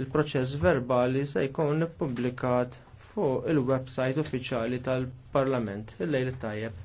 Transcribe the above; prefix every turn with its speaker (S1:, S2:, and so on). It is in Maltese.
S1: Il-proċess verbali se jkun ippubblikat fuq il-website uffiċjali tal-Parlament il-lejl tajjeb.